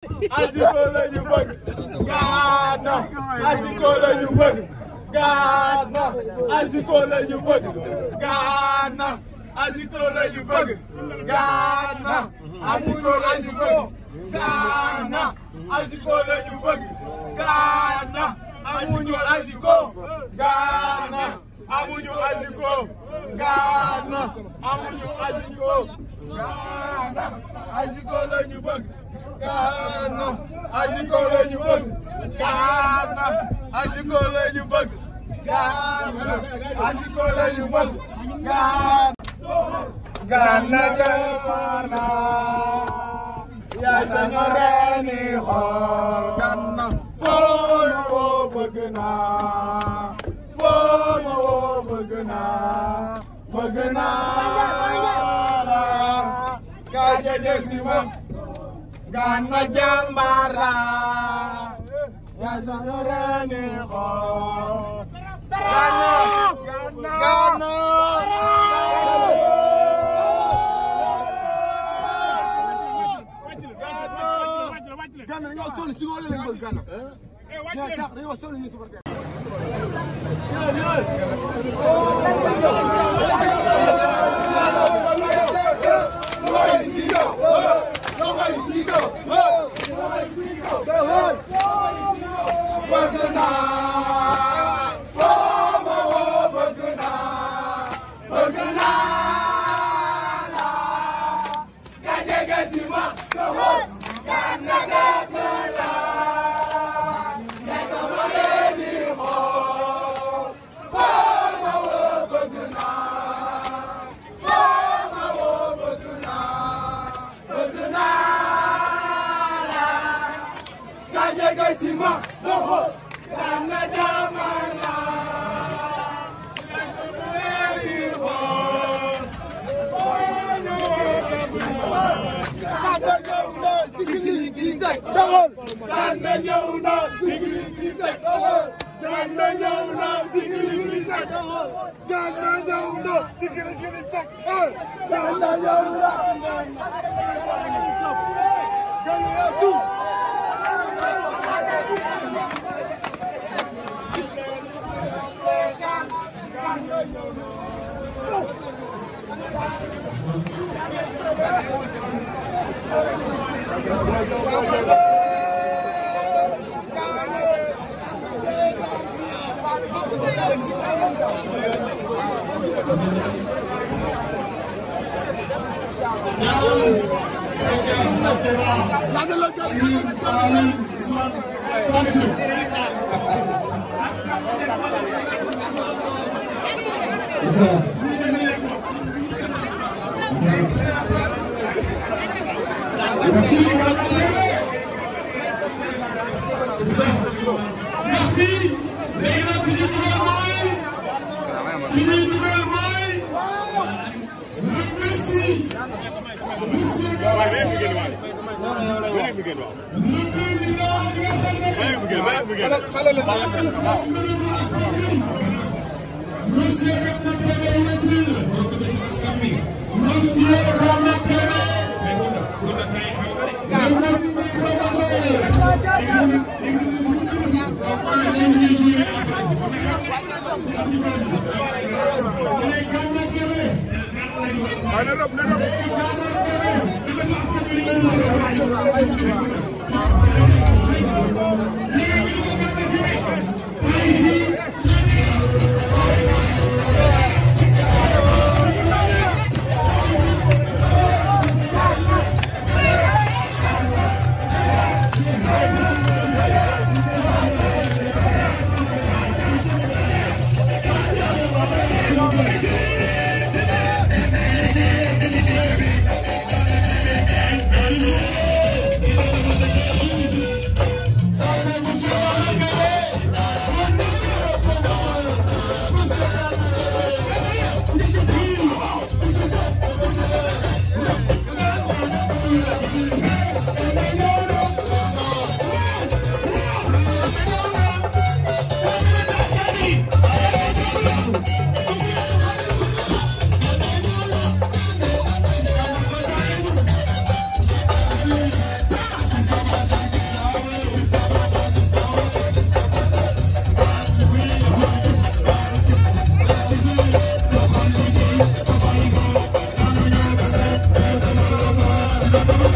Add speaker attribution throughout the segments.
Speaker 1: asiko la ñu bëgg gaana asiko la ñu bëgg
Speaker 2: gaana asiko la ñu bëgg gaana asiko la ñu bëgg gaana asiko la ñu bëgg gaana asiko la ñu bëgg gaana amuñu asiko gaana amuñu asiko gaana amuñu asiko gaana asiko la ñu bëgg kaana Asiko la ñu bëgg kaana Asiko la ñu bëgg kaana Asiko la ñu bëgg kaana Gana Jamana yaay sama reeni xool Gana foo ma woo bëgg naa foo ma woo bëgg naa bëgg naa kaa jege si ma ganna jambara ya sanorane ko ganna ganna ganna gana dañoo sonn si loolu lañ bëgg gana. mais tax dañoo sonn ñu tubar gana. 어! 어. doxal Tanda ñëw na sécurité doxal Tanda ñëw na sécurité doxal Tanda ñëw na sécurité doxal Tanda ñëw na Monsieur Gamma Kébé wetul. Monsieur Gamma Kébé. Nanop, nanop. Thank you. Let's go.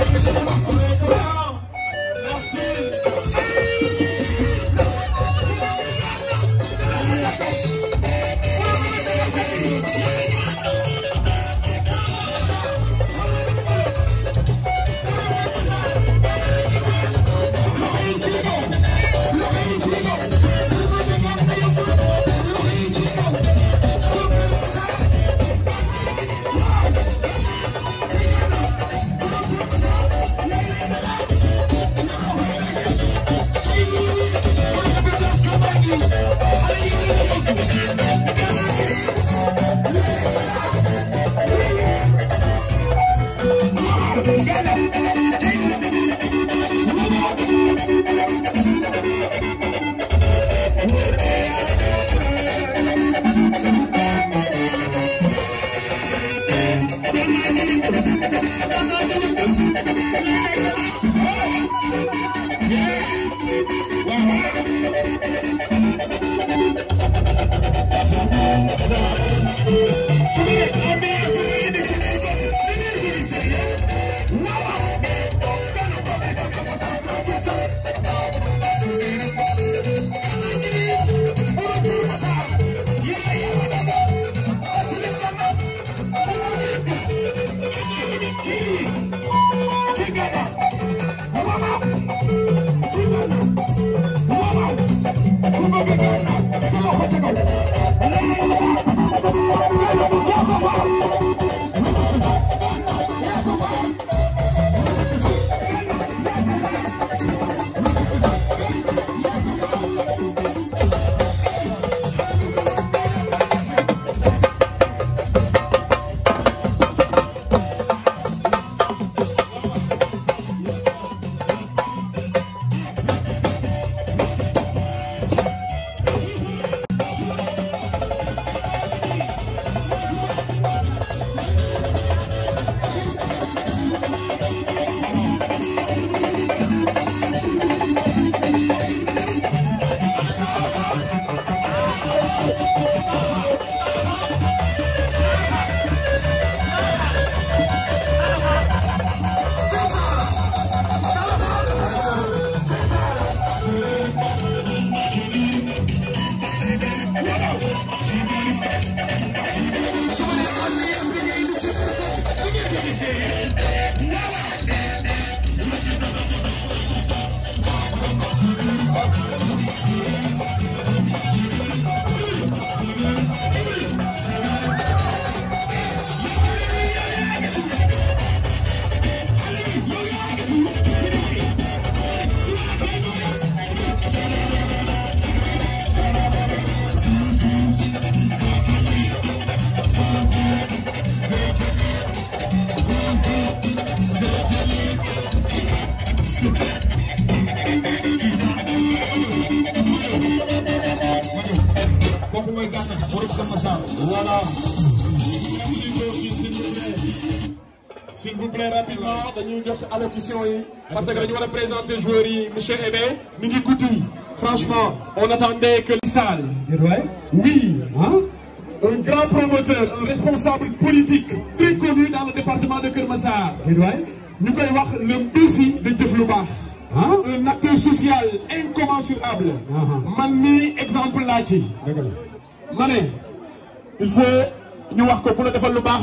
Speaker 1: s'il vous plaît rapidement ah, donnez-nous jox allocution yi parce que nous allons présenter joueurs M. monsieur Aimé mi franchement on attendait que Lissal oui hein? un grand promoteur un responsable politique très connu dans le département de Kermassar, nous voyons le dossier de jëf hein? un acteur social incommensurable uh-huh. man exemple là ci Mani, il faut nous wax ko bu le defal lu baax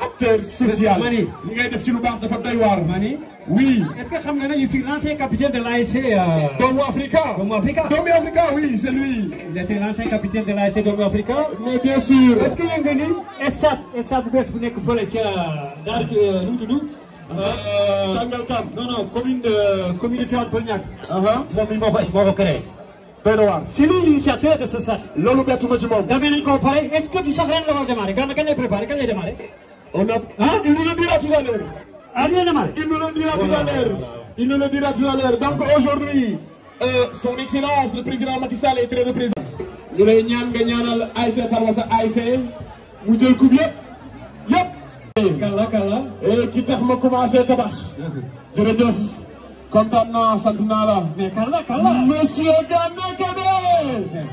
Speaker 1: acteur social. Mani li ngay def ci lu baax dafa doy war. Mani oui. est-ce que xam nga ne il fut l'ancien capitaine de l'ASC. Euh, Doomu Africa. Doomu Africa Doomu Africa oui c'est lui. il était l'ancien capitaine de l'ASC Doomu Africa. mais bien sûr. est-ce que yéen nga ni stade stade bu nek bu ci dar ca Daara euh, nu mu tudd. Ah, ah. euh, Sangalkam non non commune de communauté Hann Paul Niak. Ah, moom mi moo ko moo ko créé. doy na waar. c'est lui l'initiateur de ce sax. loolu bettu ma ci moom. damay nañu koo pare est-ce que du sax ren la démarrer gànnaaw kañ lay préparer, kan lay démarrer. Hein? Il nous le dira tout à l'heure. Ah, il nous le dira tout à l'heure. Il nous le dira tout à l'heure. Donc aujourd'hui, euh, son excellence, le président Macky est très présent. Nous le ñaan nga ñaanal Vous mu Je mais Kala Kala. monsieur Gamé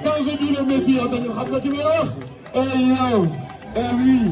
Speaker 1: quand je dis le monsieur eh, eh oui.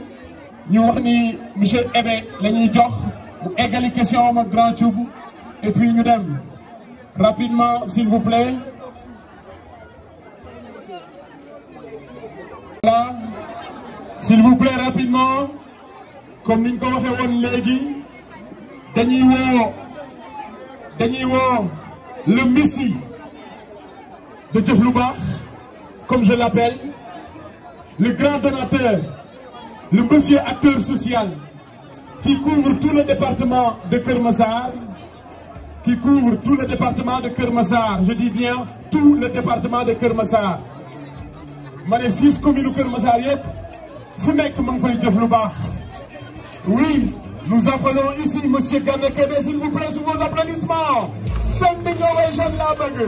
Speaker 1: Nous avons M. monsieur Ebe la ñuy jox Grand tube, et puis nous dem rapidement s'il vous plaît. s'il vous plaît rapidement comme nous avons fait un lady, dañuy woo le Messie de Jeff comme je l'appelle le grand donateur le monsieur acteur social qui couvre tout le département de Kermassar, qui couvre tout le département de Kermassar, je dis bien tout le département de Kermassar. Je six communes vous oui nous appelons ici monsieur Gana Kébé s'il vous plaît sous vos applaudissements
Speaker 2: standing ovation là-bas.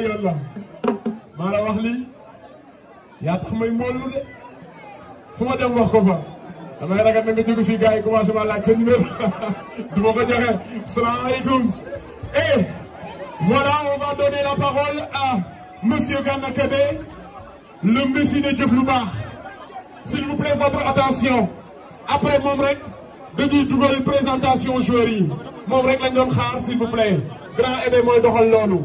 Speaker 1: ñaari yoon la la wax li ya tax may moolu de fuma dem wax ko fa damay ragal na nga jóge fii gars commencé ma laaj sa numéro du ma ko joxe salaamaaleykum et eh, voilà on va donner la parole à monsieur Gana Kebé, le monsieur de jëf lu s'il vous plaît votre attention après moom rek dañuy dugal présentation joueurs yi moom rek lañ doon xaar s'il vous plaît grand Aidé mooy doxal loolu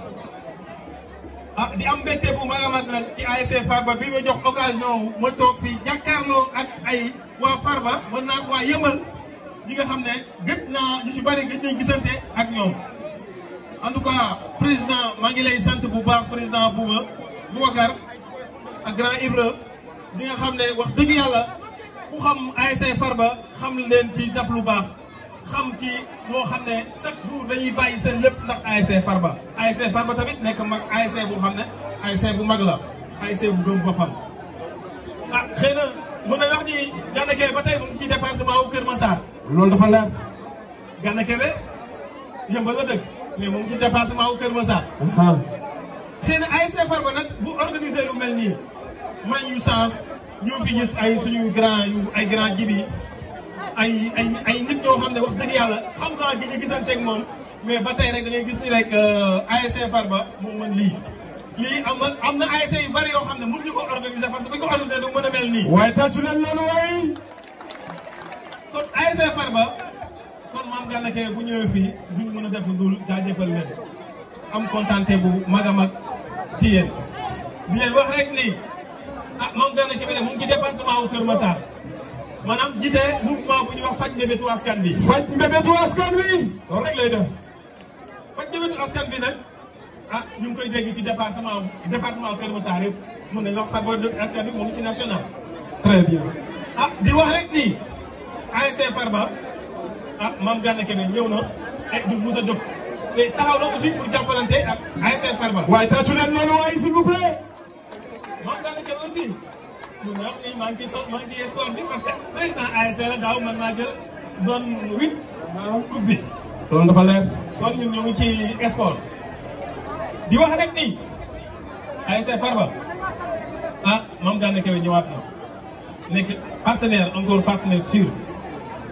Speaker 3: Ah, di am mbégte bu mag a mag nag ci ASC Farba bi ma jox occasion wu ma toog fii jàkkaarloo ak ay waa far Farba mën naa waa yëmbal ñi nga xam ne gëj na ñu ci bari gëj nañ gisante ak ñoom. en tout cas président maa ngi lay sant bu baax président Bouba Boubacar ak grand Ibra ñi nga xam ne wax dëgg yàlla ku xam far ba xam leen ci daf lu baax. xam ci loo xam ne chaque jour dañuy bàyyi seen lépp ndax ASC Farba ASC Farba tamit nekk mag ASC boo xam ne ASC bu mag la ASC bu gëm boppam ah xëy na mën na wax ni Gana ba tey mu ngi ci département wu Kër Massar loolu dafa leer Gana Kebe yëmbal la dëkk mais mu ngi ci département wu Kër Massar xëy na ASC Farba nag bu organiser lu mel nii may ñu chance ñu fi gis ay suñu grand ay grand jibi ay ay ay nit ñoo xam ne wax dëgg yàlla xaw naa gëj a gisanteeg moom mais ba tey rek da gis ni rek euh, ASC ba moo mën lii. lii am na am na yu bari yoo xam ne mënuñu ko organiser parce que bu ñu ko organiser du mën a mel nii. waaye tàccu leen loolu waay. kon ASC Farba kon maam Gana Keye bu ñëwee fii duñ mën a def lu dul jaajëfal leen am kontaante bu mag a mag ci yéen di leen wax rek ni ah maam Gana Keye bi ne mu ngi ci département wu maanaam jiite mouvement bu ñu wax faj mbébétu askan bi. faj mbébétu askan wi. loolu rek lay def faj askan bi nag a ah, ñu ngi koy dégg ci département département Kër Massar yëpp mun nañu wax faj mbébétu askan bi mu ngi ci national. très bien. ah di wax rek ni ASC Farba ah Mame Gana Kébé ñëw na ak du Moussa Diop te taxaw na aussi pour jàppalante ak ASC Farba. waaye tàccu leen noonu waaye s'il ñu neex fii so maa ngi ciy escorté parce que président ASC la daaw man maa jël kon ñun ñoo ngi ci escort Farba ah moom daanaka Kébé ñëwaat na nekk partenaire encore partenaire sûr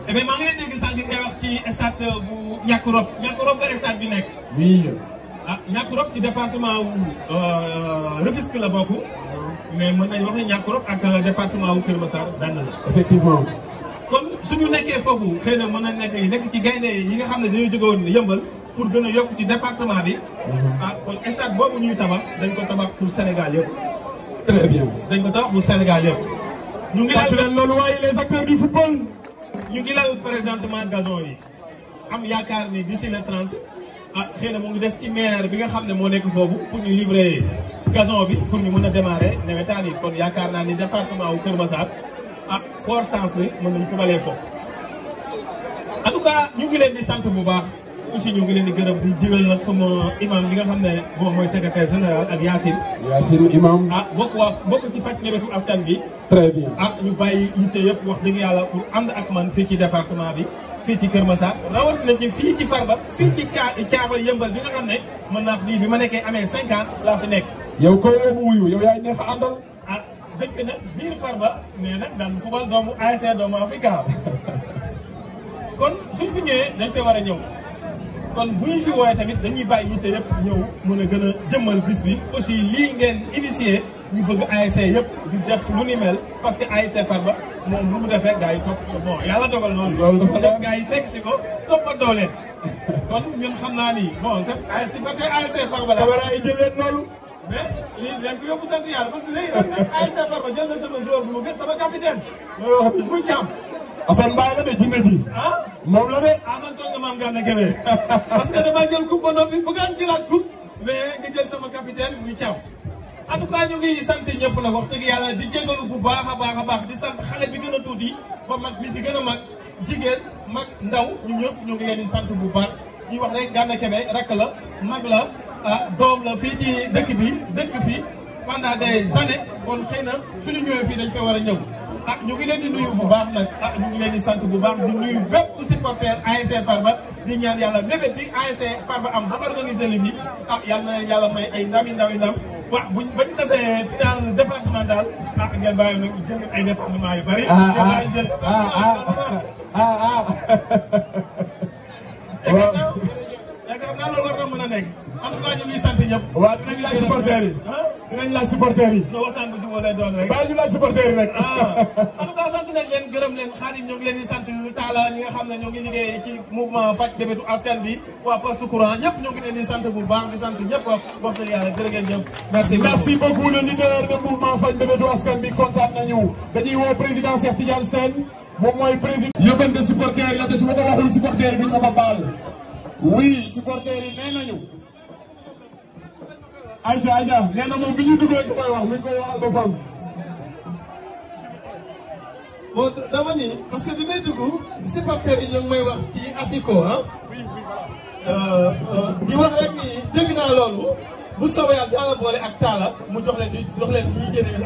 Speaker 3: et bien maa ngi leen dégg sànq bu ñàkk rob ñàkk rob la stade bi nekk oui iya. ah ñàkk département wu Rufisque la bokk mais mën nañ wax ne Niakoulop ak euh, département wu Kër Massar benn la. effectivement. kon suñu nekkee foofu xëy na mën nañ nekk nekk ci gaynde yi nga xam ne dañoo jóge woon yëmbal pour gën a yokk ci département bi. Mhm. ah kon stade boobu ñuy tabax dañ ko tabax pour Sénégal yëpp. très bien dañ ko tabax pour Sénégal yëpp. ñu ngi lal loolu waaye les acteurs du ñu ngi lal présentement gazon yi am yaakaar ni d'ici le 30 ah xëy na mu ngi des ci maire bi nga xam ne moo nekk foofu pour ñu livrer. gazon bi pour ñu mën a démarrer nawetaan yi kon yaakaar naa ni département wu Kër Massar ah sanc sens la mën nañu fubalee foofu. en tout cas ñu ngi leen di sant bu baax aussi ñu ngi leen di gërëm bi jëgal nag sama imam bi nga xam ne moom mooy secrétaire général ak Yacine. Yacine imam ah bokk waa bokk ci faj mébétu askan bi. très bien ah ñu bàyyi yitte yëpp wax dëgg yàlla pour ànd ak man fii ci département bi. fii ci Kër Massar rawatina ci fii ci Farba fii ci caa yëmbal bi nga xam ne mën naa fi bi ma nekkee amee cinq ans laa fi nekk. yow ko yóbbu wuyu yow yaay neex a àndal. ah dëkk nag biir Farba mais nag daan football doomu ASC doomu Africa kon suñ fi ñëwee dañ fee war a ñëw kon bu ñu fi woowee tamit dañuy bàyyi yitte yëpp ñëw mën a gën a jëmmal bis bi. aussi lii ngeen initié ñu bëgg ASC yëpp di def lu ni mel parce que ASC Farba moom lu mu defee gars yi topp bon yàlla dogal noonu. loolu dafa def gars yi fekk si ko toppatoo leen kon ñun xam naa ni bon c' est ASC Farba la. Farba la ay jëleen loolu. mais lii dinañ ko sant yàlla parce que léegi nag ASC Farba jël na sama joueur bu ma gën sama capitaine. loolu wax dëgg muy Thiam. Assane Mbaye ji. Ah? nga jël sama capitaine muy Thiam. en tout cas ñu sant ñëpp nag wax dëgg yàlla di jégalu bu baax a baax a baax di sant xale bi gën a tuuti ba mag mi ci gën a mag jigéen mag ndaw ñu ñëpp ñu ngi leen di sant bu baax di wax rek Gana Kébé rakk la mag la. Ah, doom la fii ci dëkk bi dëkk fii pendant des années kon xëy na suñu ñëwee fii dañ fa war a ñëw ah ñu ngi leen di nuyu bu baax nag ah ñu ngi leen di sant bu baax di nuyu bépp supporter ASC Farba di ñaan yàlla mébét bi ASC Farba am ba organiser li fi ah na leen yàlla may ay ndawi ndawi ndam waaw buñ bañ tasee final départemental ah ngeen bàyyi nag jël ay département yu bari. ah ah, ah ah ah ah ah ah ah ah ah ah ah en tout cas ñu ngi sant ñëpp. waaw dinañ laaj supporters yi. dinañ laaj supporters yi. non waxtaan bu jubóo lay doon rek. bàyyi ñu laaj supporters yi rek. Ah. en tout cas sant nañ leen gërëm leen Xaadim ñoo ngi leen di sant Talla ñi nga xam ne ñoo ngi liggéey ci mouvement faj débétu askan bi waa poste courant ñëpp ñoo ngi leen di sant bu baax di sant ñëpp wax dëgg yàlla jërë ngeen jëf. merci beaucoup merci beaucoup le leader de mouvement faj débétu askan bi kontaan nañu dañuy woo
Speaker 1: président Cheikh Tidiane Sène moom mooy président. yóbbante supporters yi la te su ma ko waxul supporters yi duñ ma ko baal. oui supporters yi nee nañu
Speaker 3: aja aja, lihat na moom itu ñu duggee ñu koy wax mi ngi koy pas kita boppam. bon dama ni parce que waktu may wax ci asiko eh, eh, di wax rek ni dégg naa loolu bu soobee yàlla daal la ak mu jox jox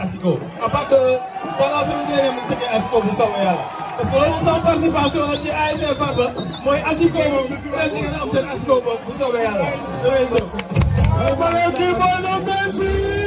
Speaker 3: asiko. à part que taala sama njëriñ mu tëggee asiko bu soobee yàlla. parce que loolu sama participation ci asiko
Speaker 2: moom ren di am asiko bu soobee ọ̀pọ̀lọpọ̀ ìbọn ló gbé sí i.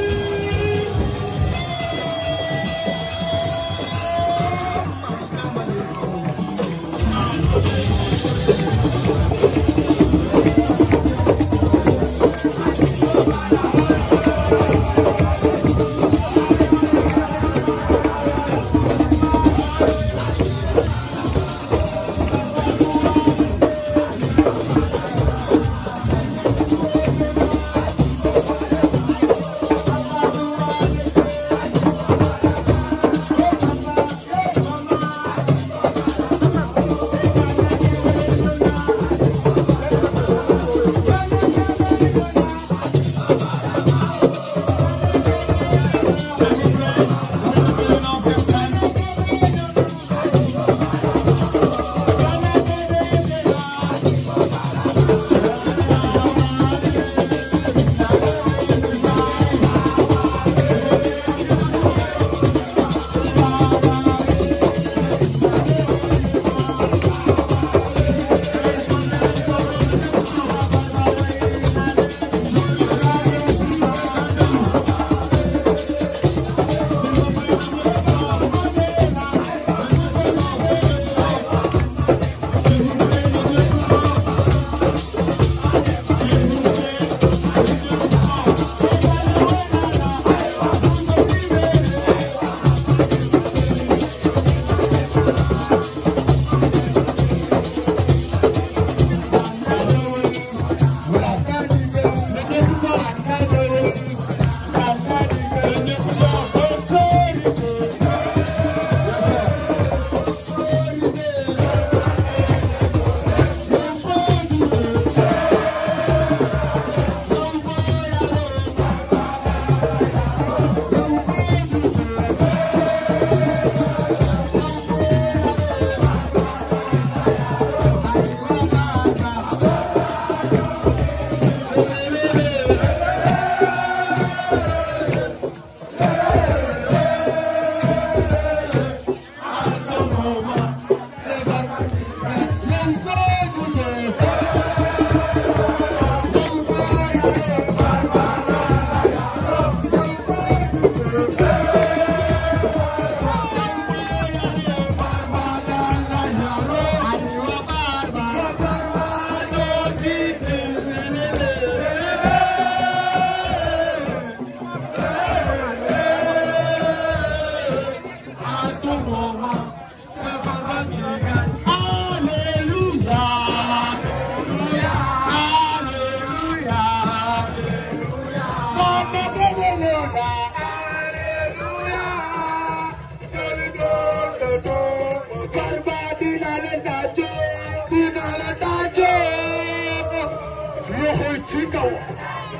Speaker 2: 会追赶我，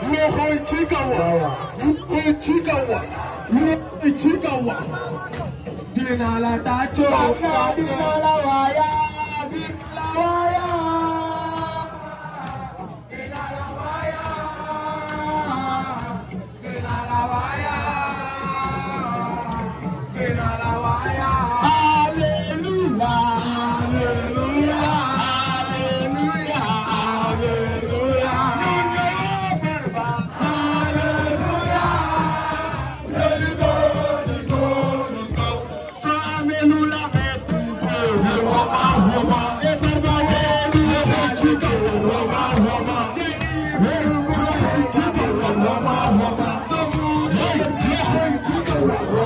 Speaker 2: 我会追赶我，我会追赶我，我会追赶我。dinala tacho, dinala waya. Thank you.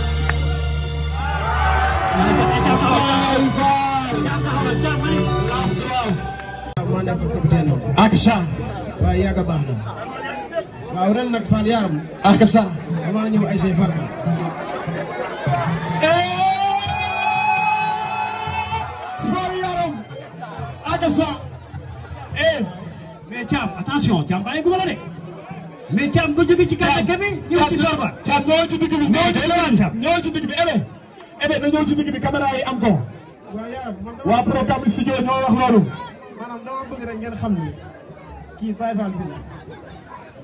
Speaker 2: ak sa
Speaker 3: waaw yàgg a baax na waaw ren nag Fall yaram ak sa dama ñëw ay say
Speaker 2: farma Fall yaram ak sa eh mais
Speaker 1: Thiam attention Thiam bàyyi guma la de mais Thiam nga ci kàddu kebe ñëw ci farma Thiam ñoo ebe dañoo ci digg bi caméra yi am ko.
Speaker 3: waa programme studio ñoo wax loolu. maanaam dama bëgg rek ngeen xam ni kii Baye Fall bi la.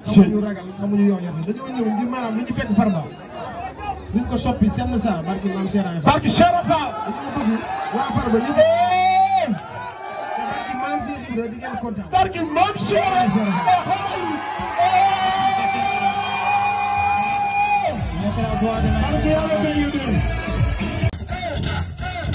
Speaker 3: xamuñu ragal xamuñu yoo xam dañoo ñëw ngir maanaam lu ñu fekk Farba. buñ ko soppi seen saa barke maam Serigne Fall. barke Serigne Fall. dañoo bëgg waa Farba ñu. barke maam Serigne Fall di ngeen kontaan. barke maam
Speaker 1: Serigne
Speaker 2: Fall.